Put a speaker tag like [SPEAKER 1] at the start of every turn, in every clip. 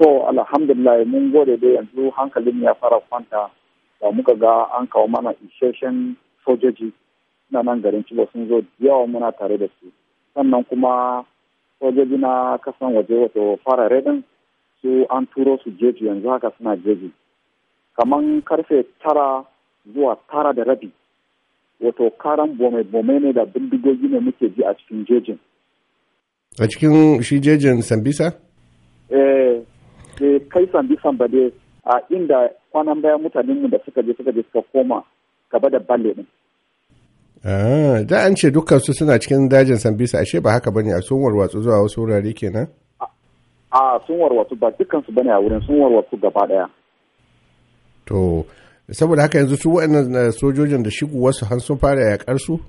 [SPEAKER 1] To alhamdulillah mun gode da yanzu hankalin ya fara kwanta da muka ga an kawo mana isasshen sojoji na nan garin Cibo sun zo yawa muna tare da su. Sannan kuma sojoji na kasan waje wato fara redin su an turo su jeji yanzu haka suna jeji. Kaman karfe tara zuwa tara da rabi wato karan bome-bome ne da bindigogi ne muke ji a cikin
[SPEAKER 2] jejin. A cikin shi jejin Sambisa?
[SPEAKER 1] ce kai sambi sambade a inda kwanan baya mutanenmu da suka je suka je suka koma gaba da balle din.
[SPEAKER 2] Ah, da an ce dukkan su suna cikin dajin sambisa ashe ba haka bane a sun warwatsu zuwa wasu wurare kenan?
[SPEAKER 1] a sun warwatsu ba dukkan su bane a wurin sun warwatsu gaba daya.
[SPEAKER 2] to saboda haka yanzu su waɗannan eh, sojojin da shigo wasu han sun fara yakar su?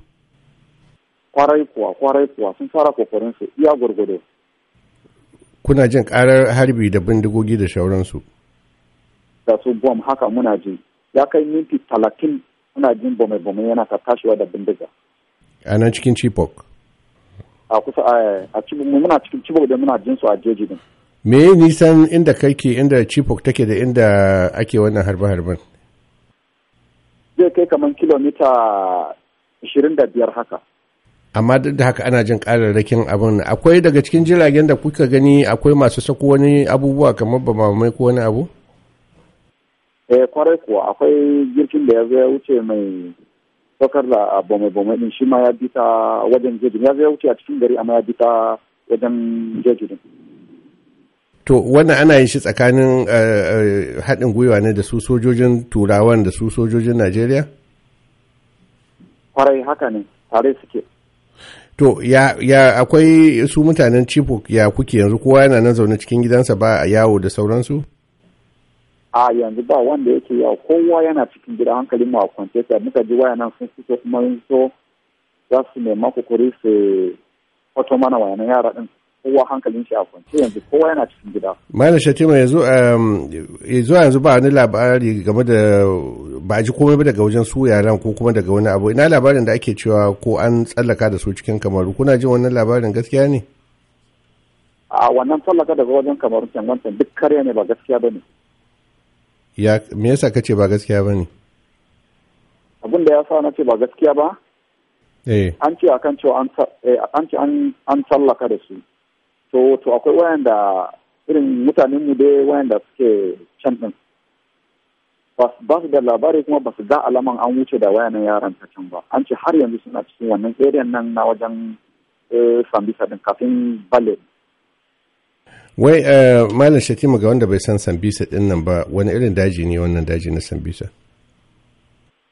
[SPEAKER 1] kwarai kuwa kwarai kuwa sun fara kokarin su iya gwargwado.
[SPEAKER 2] kuna jin karar harbi da bindigogi da shauransu
[SPEAKER 1] da su bom haka muna ji ya kai minti talatin muna jin bome-bome yana ta tashiwa da bindiga
[SPEAKER 2] a nan cikin chipok
[SPEAKER 1] a kusa a chibok muna cikin chipok da muna jin su a jeji din
[SPEAKER 2] me nisan inda kake inda chipok take da inda ake wannan harbe-harben
[SPEAKER 1] zai kai kamar kilomita 25 haka
[SPEAKER 2] amma duk da haka ana jin kararrakin abin akwai daga cikin jiragen da kuka gani akwai masu sako wani abubuwa kamar ba mamai ko wani abu
[SPEAKER 1] eh kwarai kuwa akwai jirgin da ya zo ya wuce mai saukar da bome-bome din shi ma ya bi ta wajen jejin ya zo ya wuce a cikin gari amma ya bi ta wajen jejin
[SPEAKER 2] to wannan ana yin shi tsakanin eh, eh, haɗin gwiwa ne da su sojojin turawan da su sojojin najeriya
[SPEAKER 1] kwarai haka ne tare suke
[SPEAKER 2] to ya ya akwai su mutanen chibok ya kuke yanzu kowa yana nan zaune cikin gidansa ba a yawo da sauransu
[SPEAKER 1] a yanzu ba wanda yake yawo kowa yana cikin gida hankalin mu a kwance sai muka ji waya nan sun fito kuma sun so za su nema kokari su kwato mana wayanan yara din kowa hankalin shi a kwance yanzu kowa yana cikin gida
[SPEAKER 2] na shatima yanzu um, yanzu ba wani labari game da ba ji komai ba daga wajen su yaran ko kuma daga wani abu ina labarin da ake cewa ko an tsallaka da su cikin kamaru kuna jin wannan labarin gaskiya ne
[SPEAKER 1] a wannan tsallaka daga wajen kamaru can wancan duk karya ne ba gaskiya ba ne
[SPEAKER 2] ya me yasa ka ce ba gaskiya ba ne
[SPEAKER 1] abin da ya sa na ce ba gaskiya ba eh an ce akan cewa an eh, an ce an tsallaka da su to to akwai wayanda irin mutanen mu dai wayanda suke can din ba su da labari kuma ba su ga alaman an wuce da waya na yaran ta can ba an ce har yanzu suna cikin wannan area nan na wajen eh, sambisa din kafin bale
[SPEAKER 2] wai eh, malam shatima ga wanda bai san sambisa din nan ba wani irin daji ne wannan daji na sambisa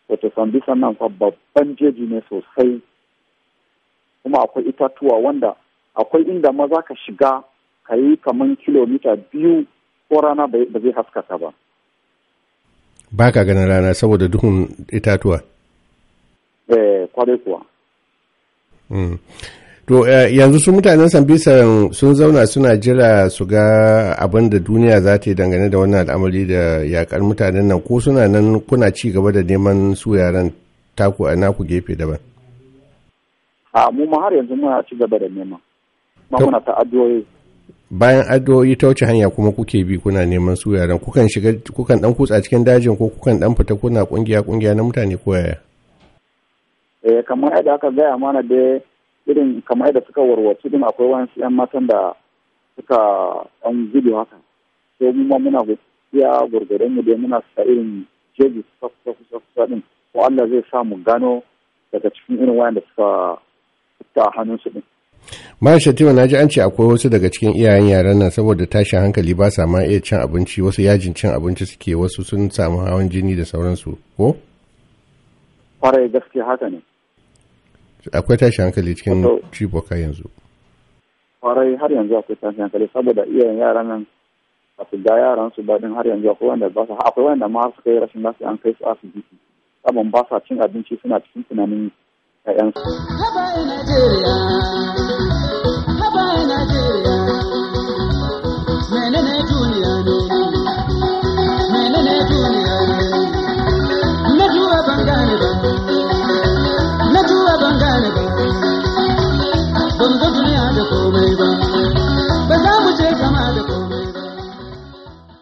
[SPEAKER 1] wato sambisa nan kwa babban jeji ne sosai kuma akwai itatuwa wanda akwai inda ma za ka shiga ka yi kamar kilomita biyu ko rana ba zai haskaka ba
[SPEAKER 2] ba ka ganin rana saboda duhun itatuwa
[SPEAKER 1] eh kwarai kuwa
[SPEAKER 2] mm. to eh, yanzu su mutanen sambisa sun zauna suna jira su ga abin da duniya za ta yi dangane da wannan al'amari da yakar mutanen nan ko suna nan kuna ci gaba da neman su yaran taku a naku gefe daban
[SPEAKER 1] a mu ma har yanzu muna ci gaba da neman ma muna ta'addoyi
[SPEAKER 2] bayan ado yi ta wace hanya kuma kuke bi kuna neman su yaran kukan shiga kukan dan kutsa cikin dajin ko kukan dan fita kuna kungiya kungiya na mutane ko yaya
[SPEAKER 1] eh kamar yadda aka gaya mana da irin kamar yadda suka warwace, din akwai wani yan matan da suka an gudu haka to mu ma muna gaskiya gurgurdan mu dai muna sa irin jeji kusa kusa kusa din ko Allah zai sa mu gano daga cikin irin wanda suka ta hannun su din
[SPEAKER 2] Malam tiwa na ji an ce akwai wasu daga cikin iyayen yaran nan saboda tashin hankali ba sa ma iya cin abinci wasu yajin cin abinci suke wasu sun samu hawan jini da sauransu ko?
[SPEAKER 1] Kwarai gaske haka ne.
[SPEAKER 2] Akwai tashin hankali cikin ciboka yanzu.
[SPEAKER 1] Kwarai har yanzu akwai tashin hankali saboda iyayen yaran nan ba su ga yaran su baɗin har yanzu akwai wanda ba su akwai wanda ma suka yi rashin lafiya an kai su asibiti. saboda ba sa cin abinci suna cikin tunanin 'ya'yansu.